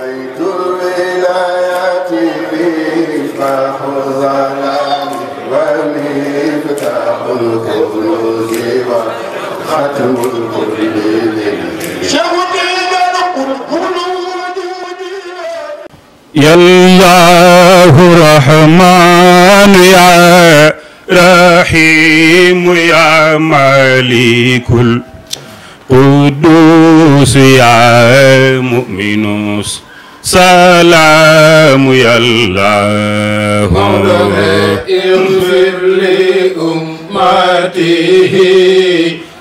بيت الولايات فيه فاح الظلام ومفتاح الخلود وختم الكل يا الله رحمن يا رحيم يا مليك القدوس يا مؤمنوس سلام يا الله اغفر لأمته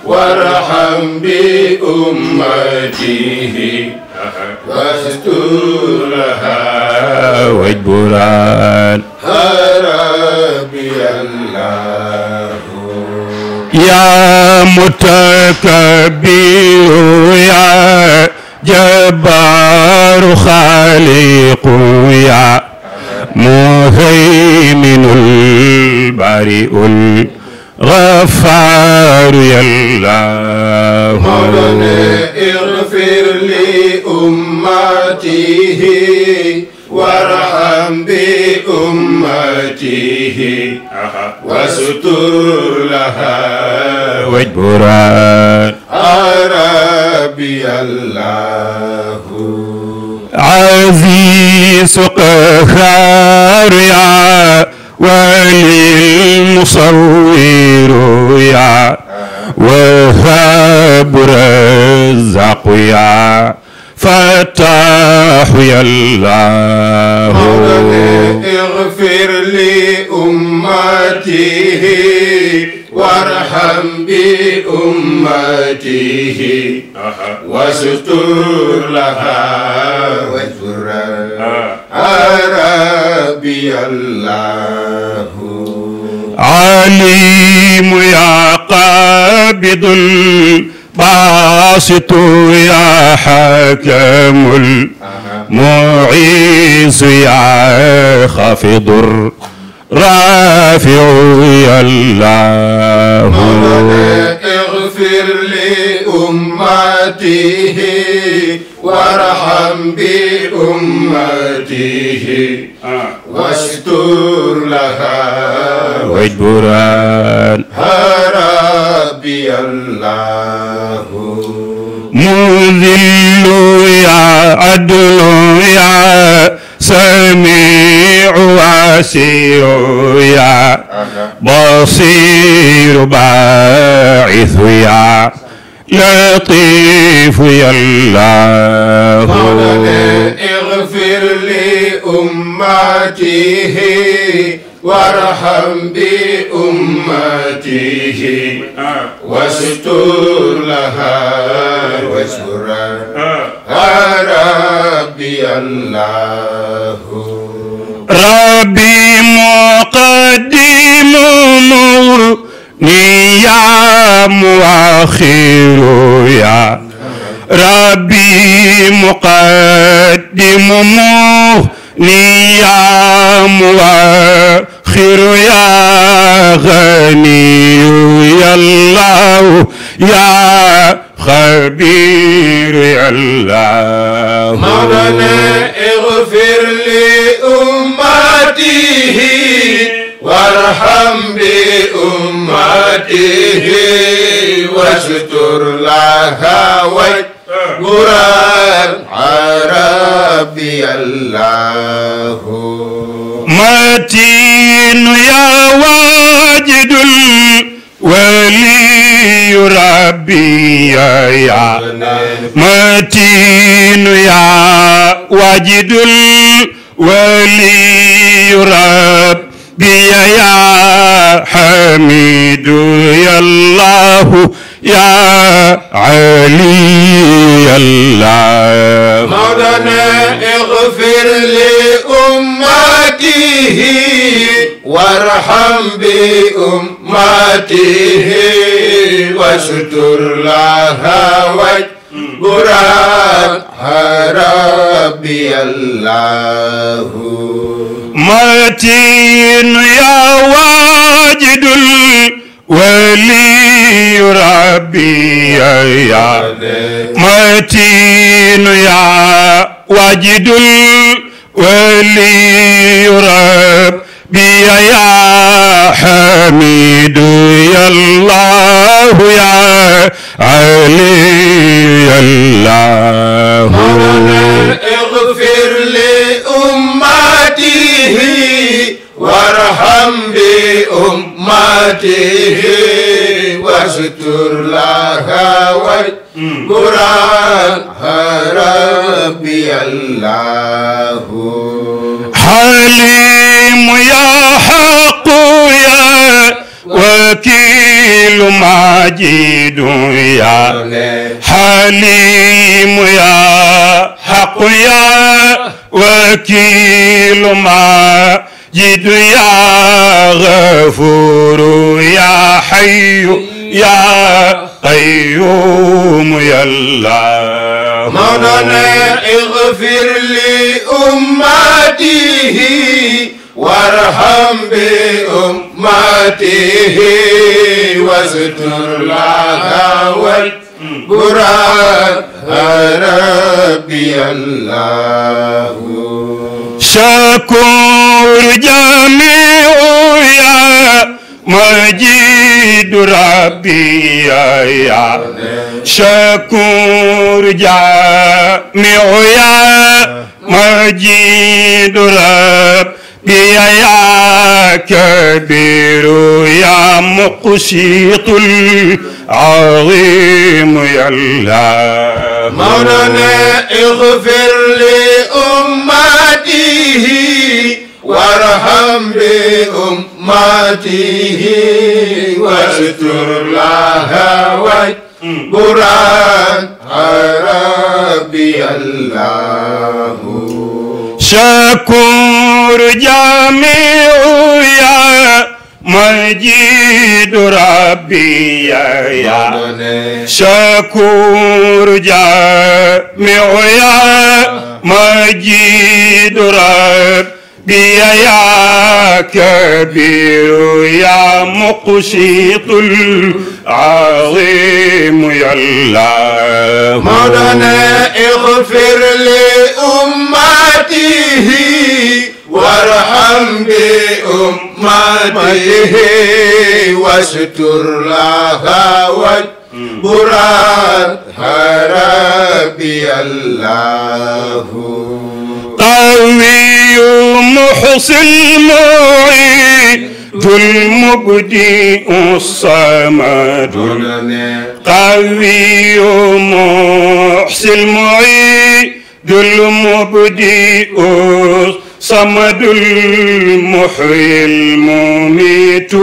وارحم بأمته واسترها واجبران ربي الله يا متكبر يا جبار القهار خالق يا مهيمن البارئ الغفار يا الله ربنا اغفر لأمته وارحم بأمته واستر لها واجبرا ربي الله عزيز قهار يا ولي المصور يا وهاب رزق يا فتاح يا الله اغفر لأمته وارحم بأمته وستر لها وزرا آه. عربي الله عليم يا قابض باسط يا حكم المعيز يا خافض الرافع يا الله مولانا اغفر لأمته وارحم بأمته واستر لها وجبران ربي الله مذل يا عدل يا سميع واسع يا بصير باعث يا لطيف يا الله اغفر لي أمته وارحم بأمته آه. واستر لها وسترا الله ربي مقدم نور يا مؤخر يا ربي مقدم نور يا مؤخر يا غني يا الله يا خبير الله مرنا اغفر لأمته وارحم بأمته واستر لها وجهها عربي الله متين يا واجد الولي رب نبيا يا متين يا واجد الولي ربي يا حميد يا الله يا علي الله مولانا اغفر لأمته وارحم بأمته واستر لها وجه حربي الله متين يا واجد ولي ربي يا متين يا واجد ولي ربي يا حميد يا الله الله يا علي الله اغفر لأمته وارحم بأمته واستر لها والقرآن ربي الله حليم يا حق وكيل ماجد يا حليم يا حق يا وكيل ماجد يا غفور يا حي يا قيوم يا الله مولانا اغفر امتي وارحم بأمته واستر لها والبراد ربي الله شكور جميع يا مجيد ربي يا شكور جميع يا مجيد ربي يا يا كبير يا مقسيط العظيم يا الله مولانا اغفر لأمته وارحم بأمته واستر لها وجبران ربي الله شكور يا مجيد ربي يا شكور جَمِيعُ يا مجيد ربي يا كبير يا مقسط العظيم يا الله مَدَنَا اغفر لأمته وارحم بأمته واستر لها وجبراتها ربي الله قوي محسن معي ذو المبدئ الصمد قوي محسن معي ذو المبدئ صمد المحيي المميت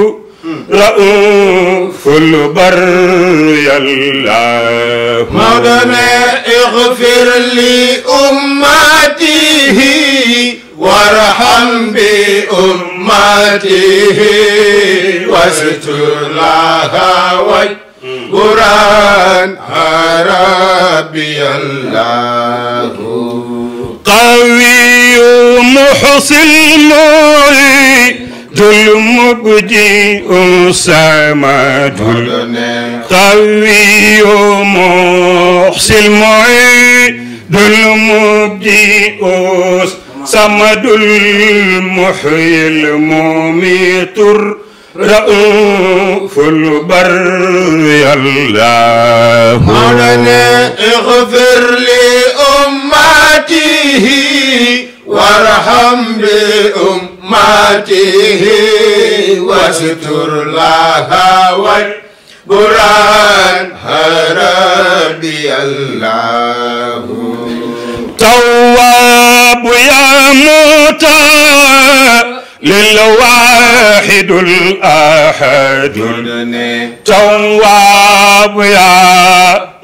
رؤوف البر الله مغنى اغفر لي أمتي وارحم بامته واستر لها وجه قران ربي الله قوي محسن موي دول مبدي دول قوي محسن مولي دول مبدي سمد محي المميت رؤوف البر الله مولانا اغفر لأمته وارحم بأمته واستر لها واجبرها ربي الله تواب يا موتى للواحد الأحد تواب يا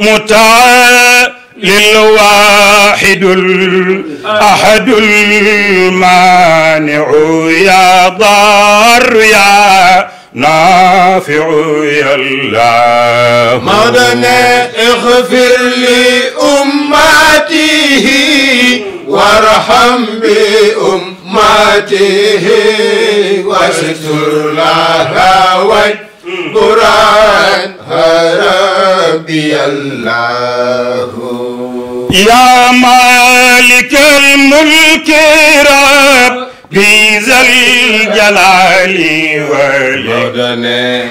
متعب للواحد الأحد المانع يا ضار يا نافع يا الله مولانا اغفر لأمته وارحم بأمته واستر لها والقرآن ربي الله يا مالك الملك ربي ذا الجلال والإكرام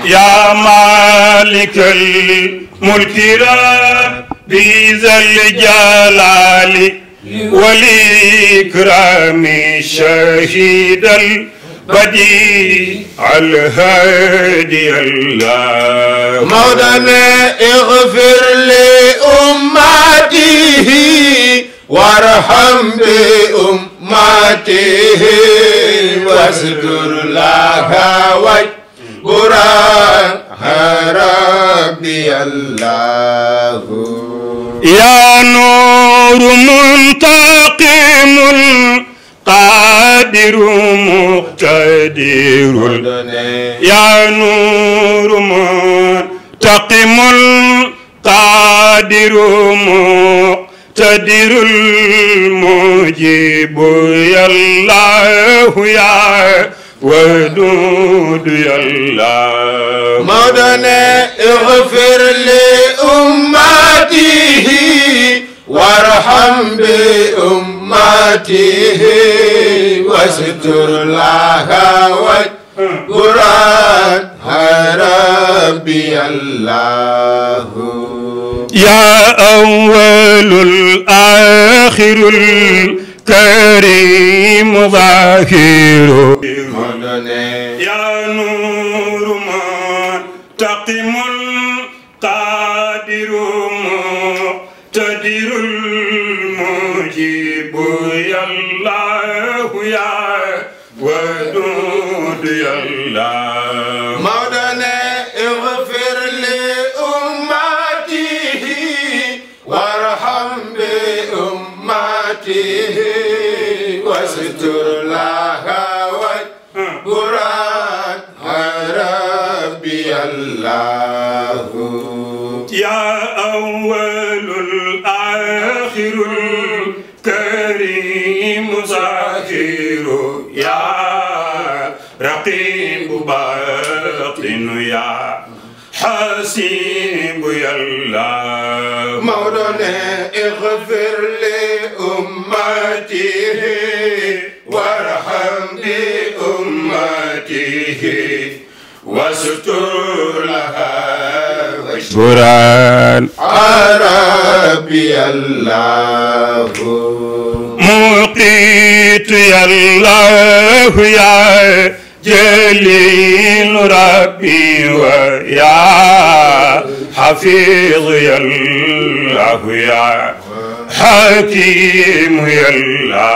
يا مالك الملك ربي ذا الجلال والإكرام شهيد بديع الهادي الله مولانا اغفر لي أمي أمته وارحم بأمته واستر لها واجبرها ربي الله يا نور منتقم قادر مقتدر يا نور منتقم قادر مقتدر المجيب يا الله يا ودود يا الله مولانا اغفر لأمته وارحم بأمته واستر لها والقرآن ربي الله يا أول الآخر الكريم ظاهر يا نور الله يا أول الآخر الكريم ظاهر يا رقيب باطن يا حسيب يا الله مولانا اغفر لأمته واستر لها واشكرا ربي الله مقيت يا الله يا جليل ربي ويا حفيظ يا الله يا حكيم يلا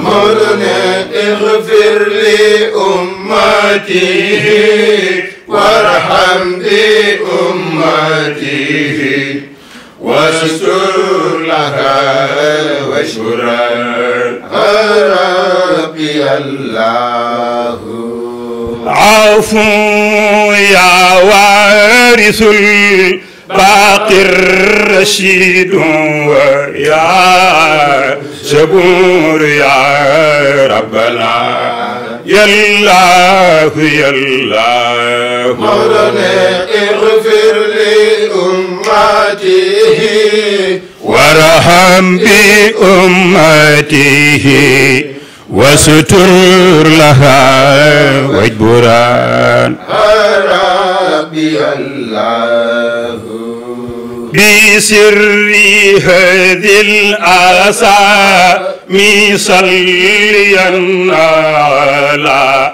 مرنا اغفر لأمتي وارحم بأمتي واستر لها وشرها ربي الله عفو يا وارث باقي الرشيد ويا جبور يا ربنا يا الله يا الله مولانا اغفر لأمته وارحم بأمته وستر لها واجبران ربي الله بسر هذه الاسى مصليا على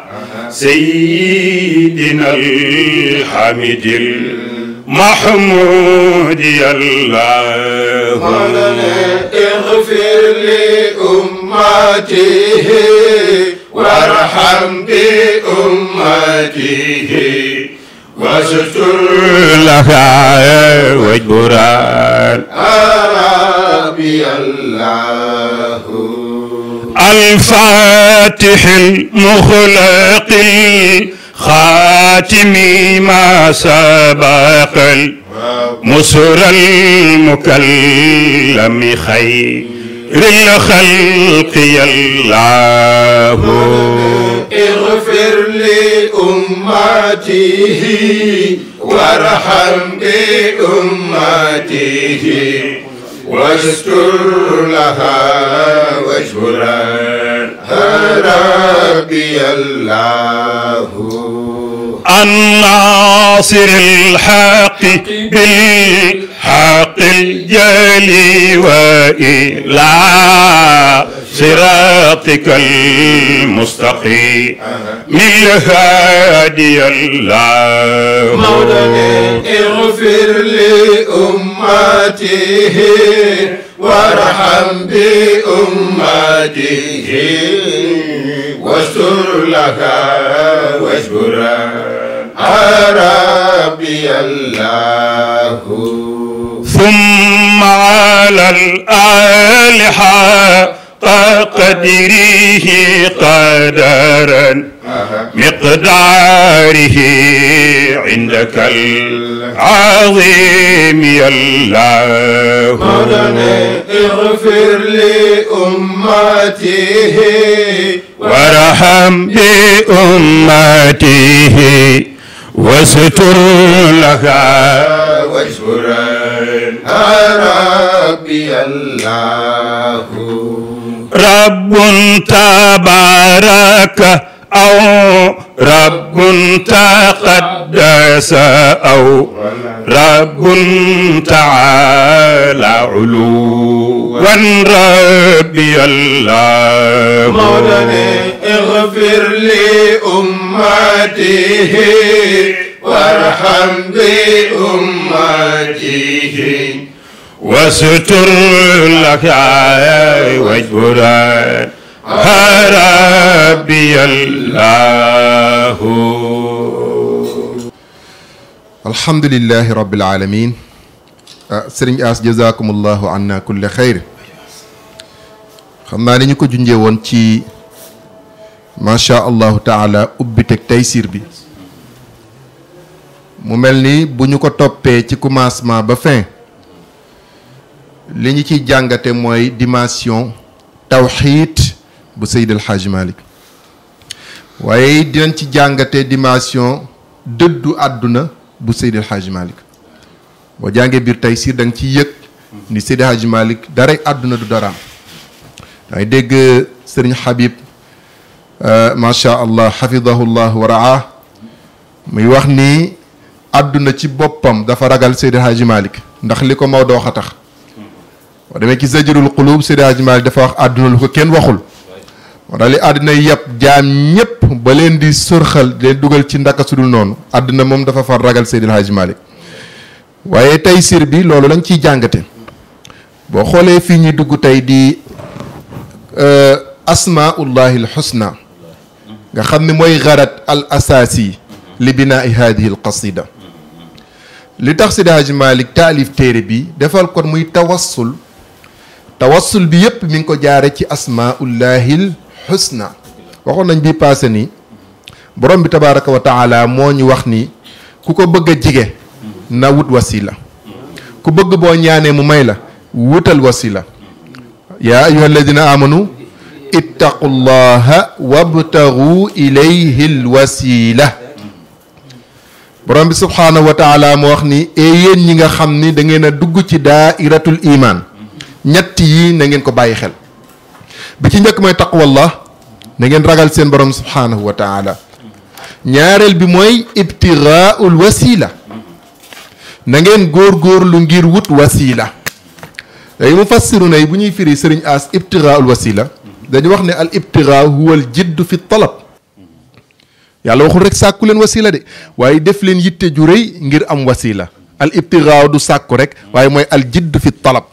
سيدنا الحميد محمود الله اغفر لأمته وارحم بأمته وشكر لها وجبران ربي الله الفاتح المخلق الخاتم ما سبق مسر المكلم خير الخلق الله اغفر لأمته وارحم بأمته واستر لها واجبرها ربي الله الناصر الحق بالحق الجلي وإلى صراطك المستقيم هادي الله مولاي اغفر لأمته وارحم بأمته واستر لها واجبر ربي الله ثم على الآلحة قدره قدرا مقداره عندك العظيم يا الله اغفر لأمته وارحم بأمته واستر لها يا ربي الله رب تبارك أو رب تقدس أو رب تعالى علوا ربي الله مولانا اغفر لأمته وارحم بأمته وستر لك يا وجبر ربي الله الحمد لله رب العالمين سرنج اس جزاكم الله عنا كل خير خمنا لي نكو جونجي وون ما شاء الله تعالى اوبيتك تيسير بي مو ملني بو نكو توبي تي كوماسما با فين li ñu ciy jàngate mooy dimension tawxiid bu Seyd El Hadj Malick waaye dinañ ci jàngate dimension dëddu àdduna bu Seyd El Hadj Malick boo jàngee biir tey siir da nga ciy yëg ni Seyd El Hadj Malick dara àdduna du daraam dangay dégg sëriñ Habib macha allah xafidahu llah wa raa muy wax ni àdduna ci boppam dafa ragal Seyd El Hadj Malick ndax li ko Maodo wax a tax boo demee ci zajrul qulub Seydi Hadji Malick dafa wax àdduna lu ko kenn waxul moo tax li àdduna yëpp jaam ñëpp ba leen di sërxal leen dugal ci ndaka sudul noonu àdduna moom dafa far ragal Seydi Hadji Malick waaye taysir bi loolu lañ ciy jàngate boo xoolee fii ñuy dugg tey di asmaullahi al husna nga xam ne mooy garat al asaasi li binaai haadihi al qasida li tax Seydi Hadji Malick taalif téere bi defal kon muy tawassul tawassul bi yëpp mi ngi ko jaare ci asmaullahil husna waxoon nañ bi passé ni borom bi tabaraka wa taala moo ñu wax ni ku ko bëgg a jige na wut wasila ku bëgg boo ñaanee mu may la wutal wasila yaa ayuha alladina amanu ittaqu llaha wabtagu ilayhi lwasila borom bi subhaanahu wa taala moo wax ni e yéen ñi nga xam ni da ngeen a dugg ci daairatul iman ñett yi na ngeen ko bàyyi xel bi ci njëkk mooy taqwallah na ngeen ragal seen borom subhanahu wa taala ñaareel bi mooy ibtiraul wasila na ngeen lu ngir wut wasila day mu fassiruna ne bu ñuy firi sëriñ as ibtiraul wasila dañu wax ne al ibtira huwa al jidd fi talab yàlla waxul rek sàkku leen wasila de waaye def leen yitte ju rëy ngir am wasila al ibtira du sàkku rek waaye mooy al jidd fi talab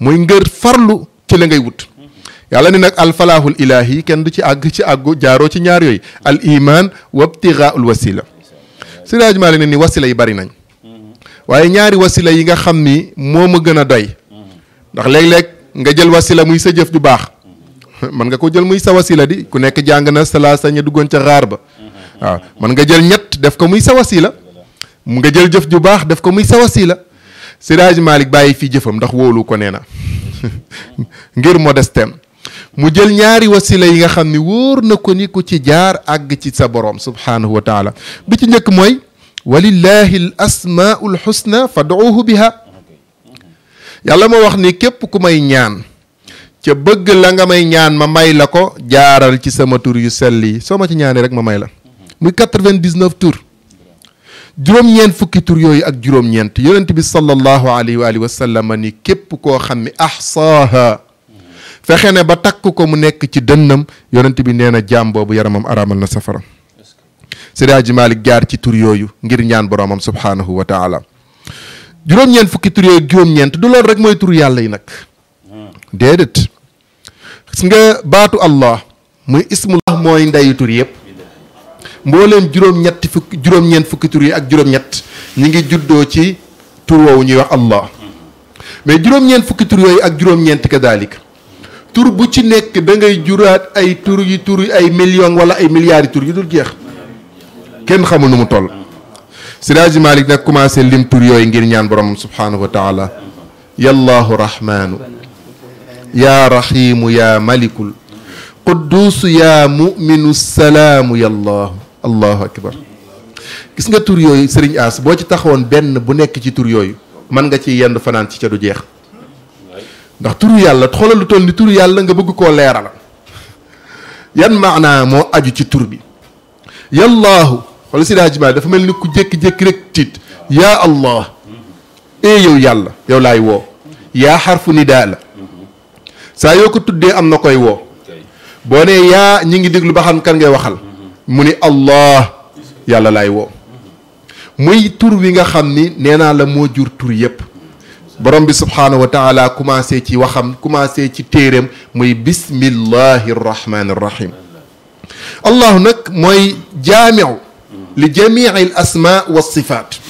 muy ngër farlu ci la ngay wut yàlla ni nag alfalaahul ilaahi kenn du ci àgg ci àggu jaaroo ci ñaar yooyu al iman wabtigaaul wasila siraaj maalik ne ni wasila yi bari nañ waaye ñaari wasila yi nga xam ni moo ma gën a doy ndax léeg-léeg nga jël wasila muy sa jëf ju baax mën nga ko jël muy sa wasila di ku nekk jàng na salaasa ña duggoon ca xaar ba waaw mën nga jël ñett def ko muy sa wasila nga jël jëf ju baax def ko muy sa wasila Siraj Malick bàyyi fii jëfam ndax wóolu ko nee na ngir modestem mu jël ñaari wasila yi nga xam ni wóor na ko ni ku ci jaar àgg ci sa borom subhaanahu wa taala bi ci njëkk mooy walillahi al asmaul husna fad'uuhu biha yàlla moo wax ni képp ku may ñaan ca bëgg la nga may ñaan ma may la ko jaaral ci sama tur yu sell yi soo ma ci ñaanee rek ma may la muy quatre-vingt-dix-neuf tur juróom-ñeent fukki tur yooyu ak juróom-ñeent yonent bi sallallahu alayhi wa alihi wa ni képp koo xam ne ahsaaha fexe ne ba takk ko mu nekk ci dënnam yonent bi nee na jaam boobu yaramam araamal na safara Seydi Aji Malik jaar ci tur yooyu ngir ñaan boroomam subhaanahu wa taala juróom-ñeent fukki tur yooyu juróom-ñeent du loolu rek mooy tur yàlla yi nag déedéet gis nga baatu allah muy ismullah mooy ndeyu tur yëpp mbooleem juroom ñett fuk juroom ñen fuk tur yi ak juróom-ñett ñi ngi juddo ci tur wo ñuy wax allah mais juroom ñen fuk tur yoy ak juroom ñent ka dalik tur bu ci nek da ngay juraat ay tur yi tur yi ay millions wala ay milliards tur yi dul jeex kenn xamul nu mu toll Siraaji Malik nag commencé lim tur yooyu ngir ñaan borom subhaanahu wa taala yallaahu يا رحيم يا ملك القدوس يا مؤمن السلام يا الله allahu akbar gis nga tur yooyu sëriñ As boo ci taxawoon benn bu nekk ci tur yooyu mën nga ci yenn fanaan ci ca du jeex ndax turu yàlla xoolal lu ni tur yàlla nga bëgg koo leeral yan maanaa moo aju ci tur bi yallaahu xoolal si daa jimaa dafa mel ni ku jékki-jékki rek tiit yaa allah ee yow yàlla yow laay woo yaa xarfu nidaa la saa yoo ko tuddee am na koy woo boo nee yaa ñi ngi déglu ba xam kan ngay waxal muni allah yàlla lay wo muy tour wi nga xamni neena la mo jur tour yep borom bi subhanahu wa taala commencé ci waxam commencé ci terem muy bismillahir rahmanir rahim Allah nak moy jaamiu li jamii al asma wa sifat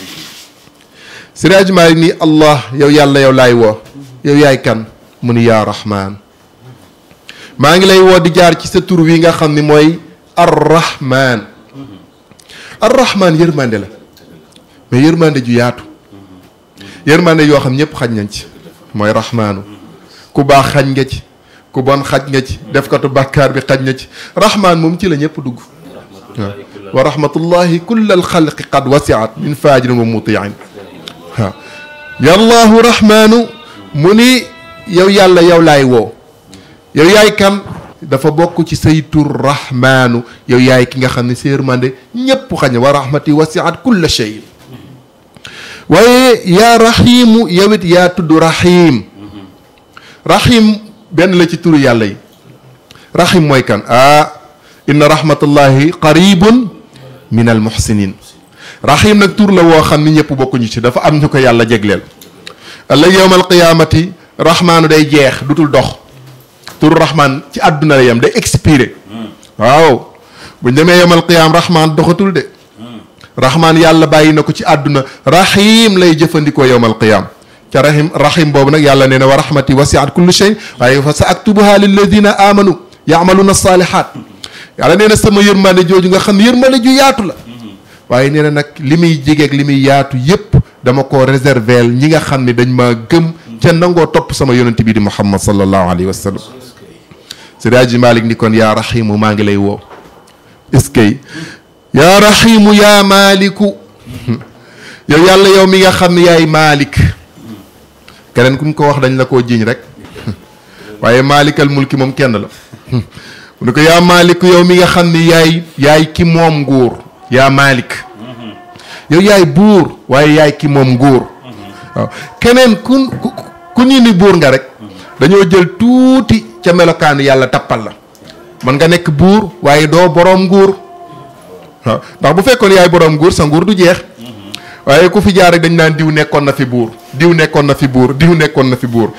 siraj maalik allah yow yàlla yow lay wo yow yaay kan muni ya rahman rahmaan ngi lay wo di jaar ci sa tour wi nga xamni moy arrahman arrahman yërmande la mais yërmande ju yaatu yërmande yoo xam ñëpp xaj nañ ci mooy rahmaanu ku baax xaj nga ci ku bon xaj nga ci defkatu bàkkaar bi xaj na ci rahmaan moom ci la ñëpp dugg waaw wa rahmatullahi kulla alxalqi qad wasiat min faajirin wa mutiin waaw yallaahu rahmaanu mu ni yow yàlla yow laay woo yow yaay kan dafa bokk ci say tur rahmaanu yow yaay ki nga xam ne sa yërmande ñépp xañ wa rahmati wasiat kulla shay waaye yaa rahimu yow it yaa tudd rahim rahim benn la ci turu yàlla yi rahim mooy kan ah inna rahmatullahi qaribun min al muhsinin rahim nag tur la woo xam ni ñëpp bokkuñu ci dafa am ñu ko yàlla jegleel alla yowma alqiyamati rahmaanu day jeex dutul dox turu rahman ci àdduna la yem day expiré waaw bu ñu demee yemal qiyaam rahman doxatul de rahman yàlla bàyyi na ko ci àdduna rahim lay jëfandikoo yemal qiyaam ca rahim rahim boobu nag yàlla nee na wa rahmati wasiat kulli shay waaye fa sa aktubuha lilladina amanu yaamaluna salihat yàlla nee na sama yërmande jooju nga xam ne ju yaatu la waaye nee na nag li muy jigeeg li muy dama ko réserver ñi nga xamni dañ ma gëm ci nango top sama yonent bi di muhammad sallallahu alaihi wasallam Seydi Aji Malik ni kon yaa raximu maa ngi lay woo est yaa raximu yaa maaliku yow yàlla yow mi nga xam ne yaay maalik keneen ku mu ko wax dañ la koo jiiñ rek waaye malikal mulki moom kenn la mu ne ko yaa maaliku yow mi nga xam ne yaay yaay ki moom nguur yaa maalik yow yaay buur waaye yaay ki moom nguur waaw keneen ku ku ni buur nga rek dañoo jël tuuti ci melokaanu yalla tapal la man nga waedo bour waye do borom nguur ndax bu fekkone yaay borom nguur sa nguur du jeex waye ku fi jaar rek dañ nan diw nekkon na fi bour diw nekkon na fi bour diw nekkon na fi bour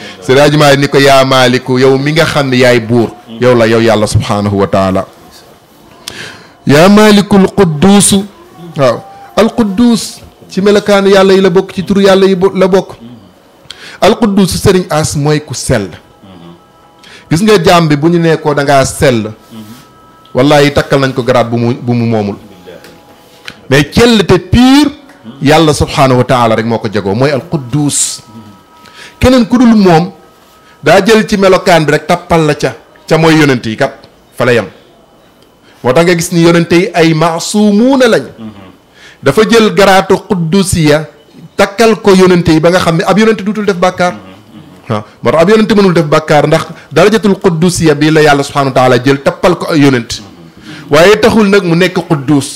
ni ko ya maaliku yow mi nga xamni yaay bour yow la yow yalla subhanahu wa taala Ya malikul quddus al quddus ci melokaanu yalla yi la bok ci turu yalla yi la al quddus serigne as moy ku sel gis nga jambi bu ñu nee ko da ngaa sell wallahi takal nañ ko garaat bu mu momul mais moomul te pire yalla subhanahu wa taala rek moko ko moy al quddus kenen ku dul moom daa jël ci melokan bi rek tapal la ca ca moy yonenti kat fa la yam moo nga gis ni yonenti ay masumuna lañ dafa jël garaatu quddusiya takal ko yonenti ba nga xamni ab yonenti dutul def -hmm. waaw moo tax ab yonent mënul def bàkkaar ndax darajatul quddusiya bi la yàlla subhanahu wa taala jël tappal ko ay yonent waaye taxul nag mu nekk quddus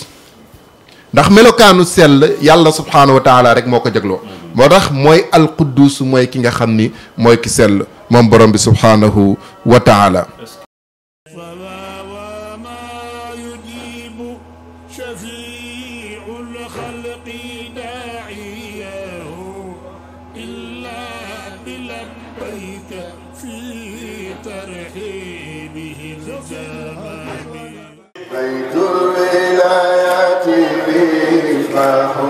ndax melokaanu sell yàlla subhanahu wa taala rek moo ko jagloo moo tax mooy al quddus mooy ki nga xam ni mooy ki sell moom borom bi subhanahu wa taala Uh,